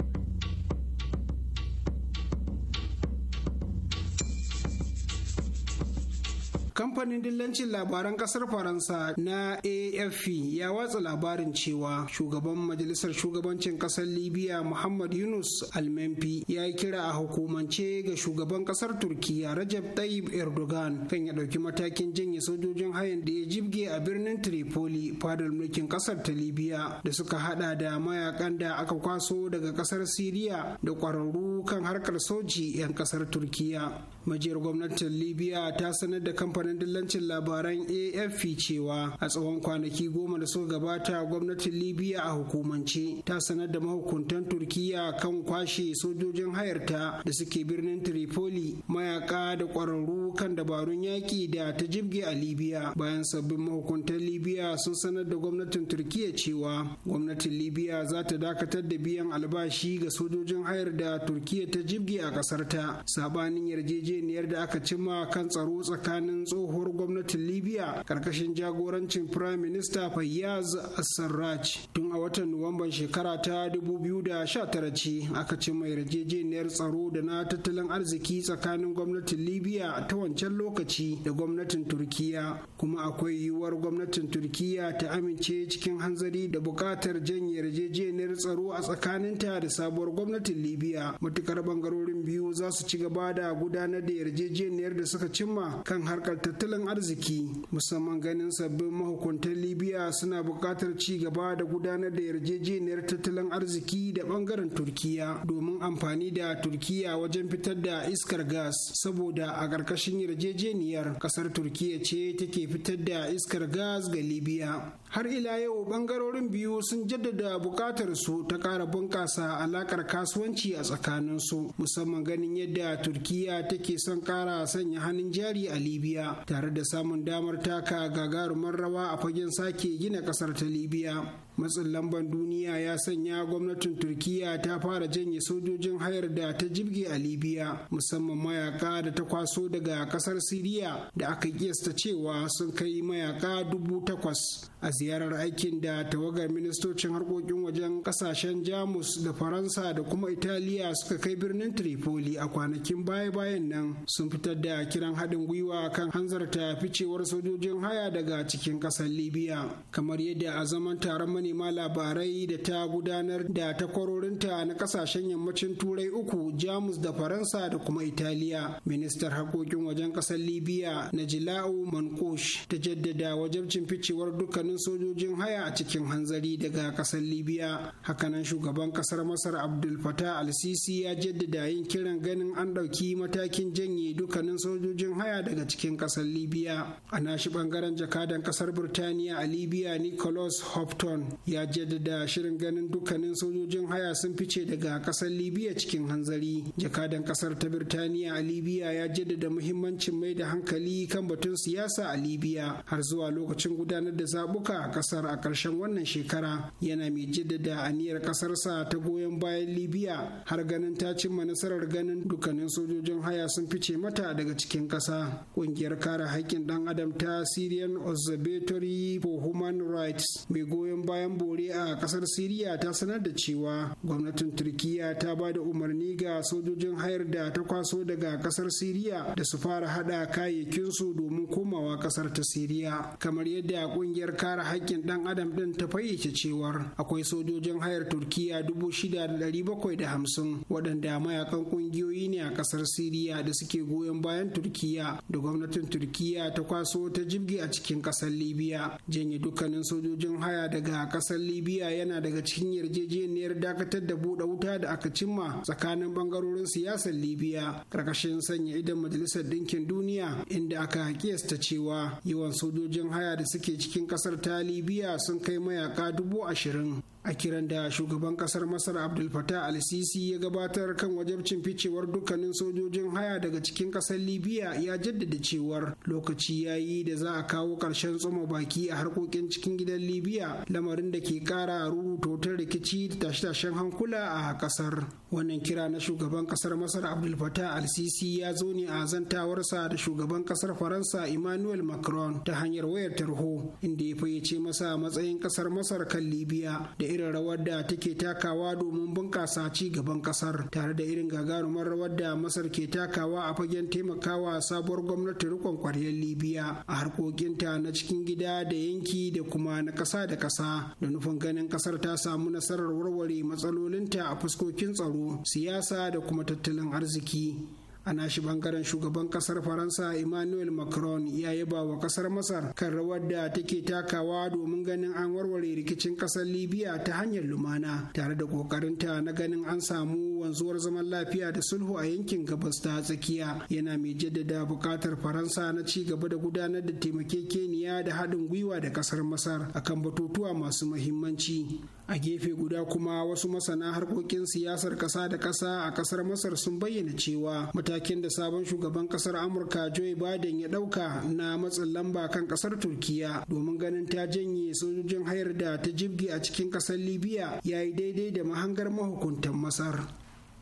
kamfanin dillancin labaran kasar faransa na afp ya watsa labarin cewa shugaban majalisar shugabancin kasar libya muhammad yunus almenfi ya yi kira a hukumance ga shugaban kasar turkiya rajab tayyip erdogan kan ya ɗauki matakin janye sojojin hayan da ya jibge a birnin tripoli fadar mulkin kasar ta libya da suka hada da mayakan da aka kwaso daga kasar siriya da kwararru kan harkar soji 'yan kasar turkiya majiyar gwamnatin libya ta sanar da kamfanin dillancin labaran afp cewa a tsawon kwanaki goma da suka gabata gwamnatin libya a hukumance ta sanar da mahukuntan turkiya kan kwashe sojojin hayarta da suke birnin tripoli mayaka da kwararru kan dabarun yaƙi da ta jibge a libya bayan sabbin mahukuntan libya sun sanar da gwamnatin turkiya cewa gwamnatin libya za ta dakatar da biyan albashi ga sojojin hayar da turkiya ta jibge a ƙasarta sabanin yarjeje yarjejeniyar da aka cimma kan tsaro tsakanin tsohuwar gwamnatin libya karkashin jagorancin prime minister fayyaz sarraj tun a watan nuwamban shekara ta 2019 ce aka cimma yarjejeniyar tsaro da na tattalin arziki tsakanin gwamnatin libya ta wancan lokaci da gwamnatin turkiya kuma akwai yiwuwar gwamnatin turkiya ta amince cikin hanzari da buƙatar janye yarjejeniyar tsaro a tsakaninta da sabuwar gwamnatin libya matukar bangarorin biyu za su ci gaba da gudanar da yarjejeniyar da suka cimma kan harkar tattalin arziki musamman ganin sabbin mahukuntan libya suna buƙatar ci gaba da gudanar da yarjejeniyar tattalin arziki da ɓangaren turkiya domin amfani da turkiya wajen fitar da iskar gas saboda a ƙarƙashin yarjejeniyar ƙasar turkiya ce take fitar da iskar gas ga libya har ila yau bangarorin biyu sun jaddada bukatar su ta kara bunkasa alakar kasuwanci a tsakanin su musamman ganin yadda turkiya take son kara sanya hannun jari a libya tare da samun damar taka gagarumar rawa a fagen sake gina kasar ta libya matsin lamban duniya ya sanya gwamnatin turkiya ta fara janye sojojin hayar da ta jibge a libya musamman mayaka da ta kwaso daga kasar siriya da aka kiyasta cewa sun kai mayaka dubu takwas a ziyarar aikin da tawagar ministocin harkokin wajen kasashen jamus da faransa da kuma italiya suka kai birnin tripoli a kwanakin baya-bayan nan sun fitar da kiran haɗin gwiwa kan hanzarta ficewar sojojin haya daga cikin ƙasar libya kamar yadda a zaman taron Nema labarai da ta gudanar da takwarorinta na kasashen yammacin turai uku jamus da faransa da kuma italiya ministar Hakokin wajen kasar libya na jila'u mankush ta jaddada wajabcin ficewar dukkanin sojojin haya a cikin hanzari daga kasar libya hakanan shugaban kasar masar abdul fatah al ya jaddada yin kiran ganin an ɗauki matakin janye dukkanin sojojin haya daga cikin kasar libya a nashi bangaren jakadan kasar birtaniya a libya nicholas hopton ya jaddada shirin ganin dukkanin sojojin haya sun fice daga kasar libya cikin hanzari jakadan kasar ta birtaniya a libya ya jaddada muhimmancin mai da hankali kan batun siyasa a libya har zuwa lokacin gudanar da zabuka a kasar a ƙarshen wannan shekara yana mai jaddada aniyar kasarsa ta goyon bayan libya har ganin ta cimma nasarar ganin dukkanin sojojin haya sun fice mata daga cikin ƙasa ƙungiyar kare haƙƙin ɗan adam ta syrian observatory for human rights mai goyon bayan bayan bore a kasar siriya ta sanar da cewa gwamnatin Turkiyya ta ba da umarni ga sojojin hayar da ta kwaso daga kasar siriya da su fara hada kayayyakinsu domin komawa kasar ta siriya kamar yadda kungiyar kare haƙƙin ɗan adam ɗin ta fayyace cewar akwai sojojin hayar Turkiyya dubu shida da ɗari bakwai da hamsin waɗanda mayakan ƙungiyoyi ne a kasar siriya da suke goyon bayan Turkiyya da gwamnatin turkiya ta kwaso ta jibge a cikin ƙasar libya janye dukkanin sojojin haya daga a libya yana daga cikin yarjejeniyar dakatar da buɗe wuta da aka cimma tsakanin bangarorin siyasar libya ƙarƙashin sanya idan majalisar ɗinkin duniya inda aka kiyasta cewa yawan sojojin haya da suke cikin ƙasar ta libya sun kai mayaka dubu ashirin a kiran da shugaban kasar masar abdul fatah al-sisi ya gabatar kan wajabcin ficewar dukkanin sojojin haya daga cikin kasar libya ya jaddada cewar lokaci ya yi da za a kawo ƙarshen tsoma baki a harkokin cikin gidan libya lamarin da ke ƙara rubuta rikici da tashe-tashen hankula a kasar wannan kira na shugaban kasar masar abdul fatah al-sisi ya zo ne a zantawarsa da shugaban kasar faransa emmanuel macron ta hanyar wayar tarho inda ya fayyace masa matsayin kasar masar kan libya da irin rawar da take takawa domin bunƙasa ci gaban ƙasar tare da irin gagarumar rawar da masar ke takawa a fagen taimakawa sabuwar gwamnati rikon kwaryar libya a harkokinta na cikin gida da yanki da kuma na ƙasa da ƙasa da nufin ganin ƙasar ta samu nasarar warware matsalolinta a fuskokin tsaro siyasa da kuma tattalin arziki Ana shi bangaren shugaban kasar faransa emmanuel macron ya yaba wa kasar masar kan rawar da take takawa domin ganin an warware rikicin kasar libya ta hanyar lumana tare da kokarinta na ganin an samu wanzuwar zaman lafiya da sulhu a yankin gabas ta tsakiya yana mai jaddada bukatar faransa na ci gaba da gudanar da taimakekeniya da haɗin gwiwa da kasar masar akan batutuwa masu muhimmanci a gefe guda kuma wasu masana harkokin siyasar kasa da kasa a kasar masar sun bayyana cewa matakin da sabon shugaban kasar amurka joe biden ya dauka na matsin lamba kan kasar turkiya domin ganin ta janye sojojin hayar da ta jibge a cikin kasar libya ya yi daidai da mahangar mahukuntan masar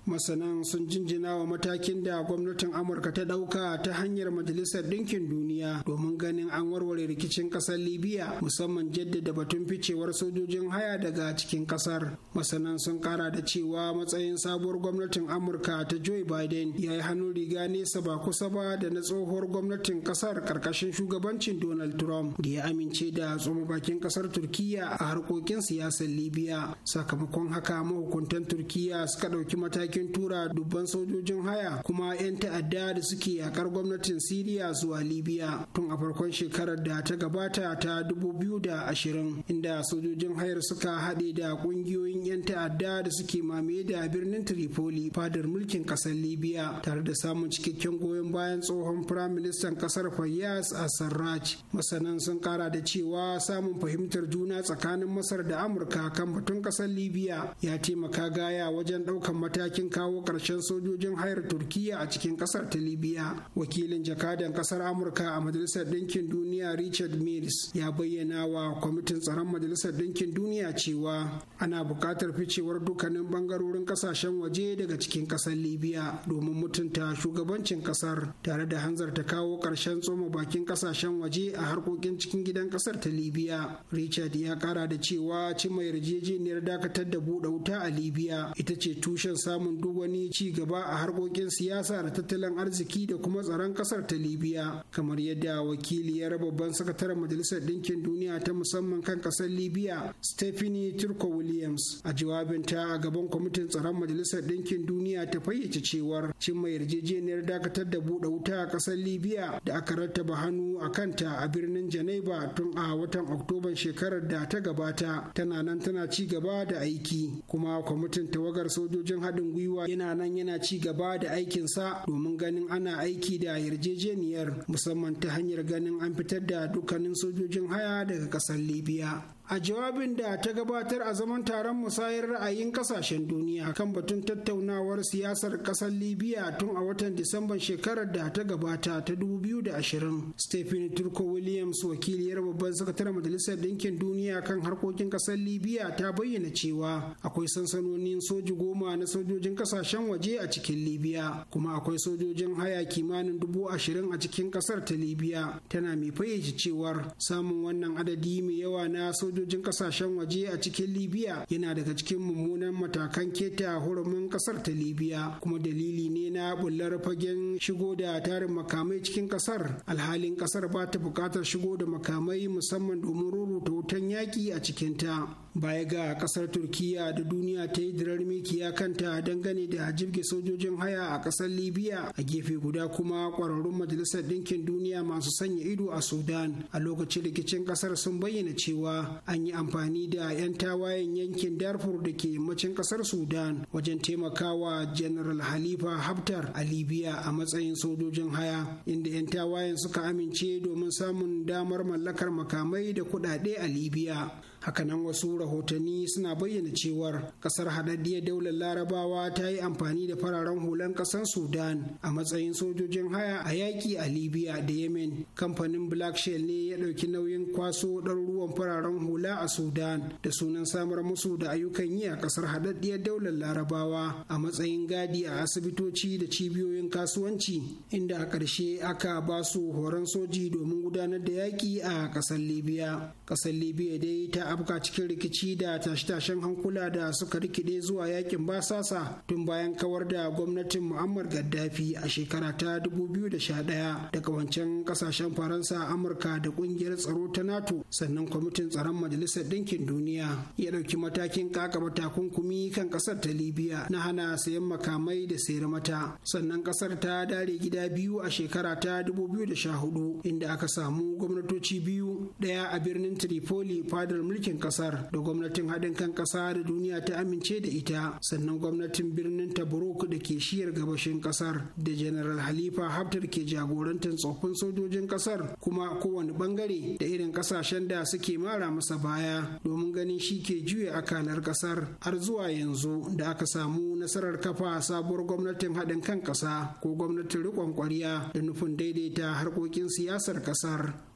masanan sun jinjina wa matakin da gwamnatin amurka ta ɗauka ta hanyar majalisar ɗinkin duniya domin ganin an warware rikicin ƙasar libya musamman jaddada batun ficewar sojojin haya daga cikin ƙasar masanan sun ƙara da cewa matsayin sabuwar gwamnatin amurka ta joe biden ya yi hannun riga nesa ba kusa ba da na tsohuwar gwamnatin ƙasar ƙarƙashin shugabancin donald trump da ya amince da tsoma bakin ƙasar turkiya a harkokin siyasar libya sakamakon haka mahukuntan turkiya suka ɗauki mataki matakin tura dubban sojojin haya kuma 'yan ta'adda da suke yakar gwamnatin siriya zuwa libya tun a farkon shekarar da ta gabata ta 2020 inda sojojin hayar suka haɗe da ƙungiyoyin 'yan ta'adda da suke mamaye da birnin tripoli fadar mulkin ƙasar libya tare da samun cikakken goyon bayan tsohon firaministan ƙasar fayyas a sarraj masanan sun ƙara da cewa samun fahimtar juna tsakanin masar da amurka kan batun ƙasar libya ya taimaka gaya wajen ɗaukan matakin batun kawo ƙarshen sojojin hayar turkiya a cikin ƙasar ta libya wakilin jakadan ƙasar amurka a majalisar ɗinkin duniya richard mills ya bayyana wa kwamitin tsaron majalisar ɗinkin duniya cewa ana buƙatar ficewar dukkanin ɓangarorin ƙasashen waje daga cikin ƙasar libya domin mutunta shugabancin ƙasar tare da hanzar ta kawo ƙarshen tsoma bakin ƙasashen waje a harkokin cikin gidan ƙasar ta libya richard ya kara da cewa cimma yarjejeniyar dakatar da buɗe wuta a libya ita ce tushen samun duk wani ci gaba a harkokin siyasa da tattalin arziki da kuma tsaron kasar ta libiya. kamar yadda wakili ya raba babban sakataren majalisar ɗinkin duniya ta musamman kan ƙasar libiya stephanie turko williams a jawabin ta a gaban kwamitin tsaron majalisar ɗinkin duniya ta fayyace cewar cin yarjejeniyar dakatar da buɗe wuta a kasar libya da aka rattaba hannu a kanta a birnin janeba tun a watan oktoban shekarar da ta gabata tana nan tana ci gaba da aiki kuma kwamitin tawagar sojojin haɗin gwiwa gwiwa yana nan yana ci gaba da aikinsa domin ganin ana aiki da yarjejeniyar musamman ta hanyar ganin an fitar da dukkanin sojojin haya daga ƙasar libya a jawabin da ta gabatar a zaman taron musayar ra'ayin kasashen duniya kan batun tattaunawar siyasar kasar libya tun a watan disamban shekarar da ta gabata ta 2020 stephen turko williams wakiliyar babban sakataren majalisar ɗinkin duniya kan harkokin kasar libya ta bayyana cewa akwai sansanonin soji goma na sojojin kasashen waje a cikin libya kuma akwai sojojin haya kimanin dubu ashirin a cikin kasar ta libya tana mai fayyace cewar samun wannan adadi mai yawa na soji." sojojin kasashen waje a cikin libya yana daga cikin mummunan matakan keta hurumin kasar ta libya kuma dalili ne na bullar fagen shigo da tarin makamai cikin kasar alhalin kasar ba ta bukatar shigo da makamai musamman domin rubuta wutan yaƙi a cikin ta. baya ga kasar turkiya da duniya ta yi dirar mikiya kanta dangane da jirge sojojin haya a kasar libya a gefe guda kuma kwararrun majalisar ɗinkin duniya masu sanya ido a sudan a lokacin rikicin kasar sun bayyana cewa an yi amfani da 'yan tawayen yankin darfur da ke yammacin kasar sudan wajen taimakawa general halifa haftar a libya a matsayin sojojin haya inda 'yan tawayen suka amince domin samun damar mallakar makamai da kuɗaɗe a libya hakanan wasu rahotanni suna bayyana cewar kasar hadaddiyar daular larabawa ta yi amfani da fararen hulan kasar sudan a matsayin sojojin haya a yaƙi a libya da yemen kamfanin black shell ne ya ɗauki nauyin kwaso ɗaruruwan fararen hula a sudan da sunan samar musu da ayyukan yi a kasar hadaddiyar daular larabawa a matsayin gadi a asibitoci da cibiyoyin kasuwanci inda a ƙarshe aka basu horon soji domin gudanar da yaƙi a ƙasar libya ƙasar libya dai ta ya afka cikin rikici da tashe-tashen hankula da suka rikide zuwa yakin basasa tun bayan kawar da gwamnatin muammar gaddafi a shekara ta 2011 daga wancan kasashen faransa amurka da kungiyar tsaro ta nato sannan kwamitin tsaron majalisar ɗinkin duniya ya ɗauki matakin kakaba takunkumi kan ƙasar ta libya na hana sayan makamai da sayar mata sannan ƙasar ta dare gida biyu a shekara ta 2014 inda aka samu gwamnatoci biyu ɗaya a birnin tripoli fadar mulkin kasar da gwamnatin haɗin kan ƙasa da duniya ta amince da ita sannan gwamnatin birnin tabaruk da ke shiyar gabashin kasar da general halifa haftar ke jagorantar tsoffin sojojin kasar kuma kowane bangare da irin kasashen da suke mara masa baya domin ganin shi ke juya akalar kasar har zuwa yanzu da aka samu nasarar kafa sabuwar gwamnatin haɗin kan ƙasa ko gwamnatin riƙon ƙwarya da nufin daidaita harkokin siyasar kasar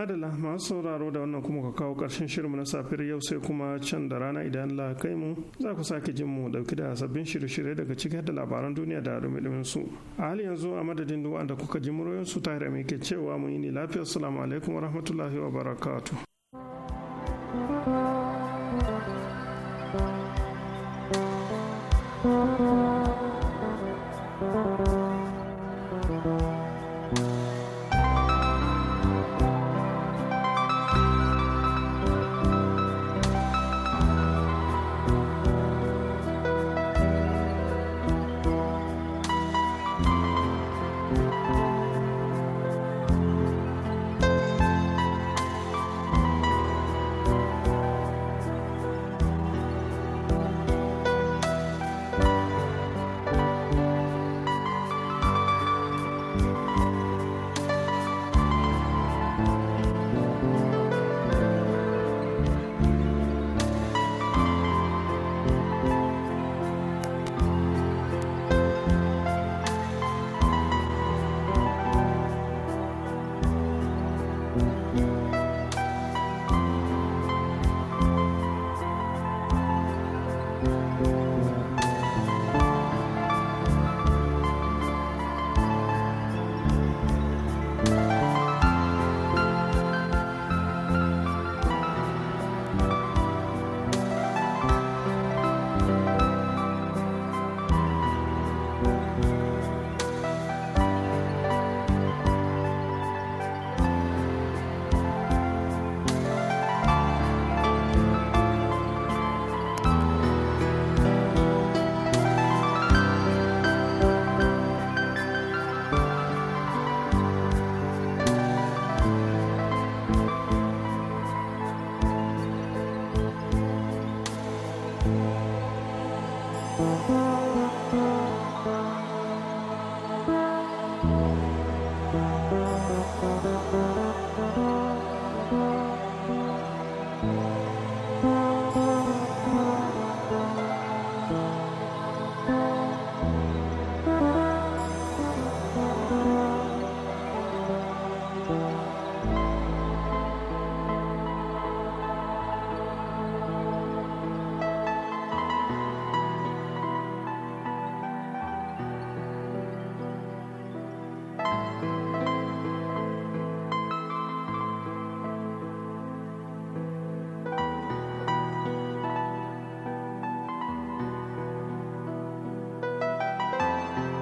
madalla masu sauraro da wannan kuma ka kawo ƙarshen shirinmu na safiyar yau sai kuma can da rana idan Allah kai mu za ku sake jin mu dauki da sabbin shirye-shirye daga cikin da labaran duniya da dumi su a hali yanzu a madadin duwa da kuka ji muryoyin su tare mai ke cewa mu yi ne lafiya assalamu alaikum wa rahmatullahi wa barakatuh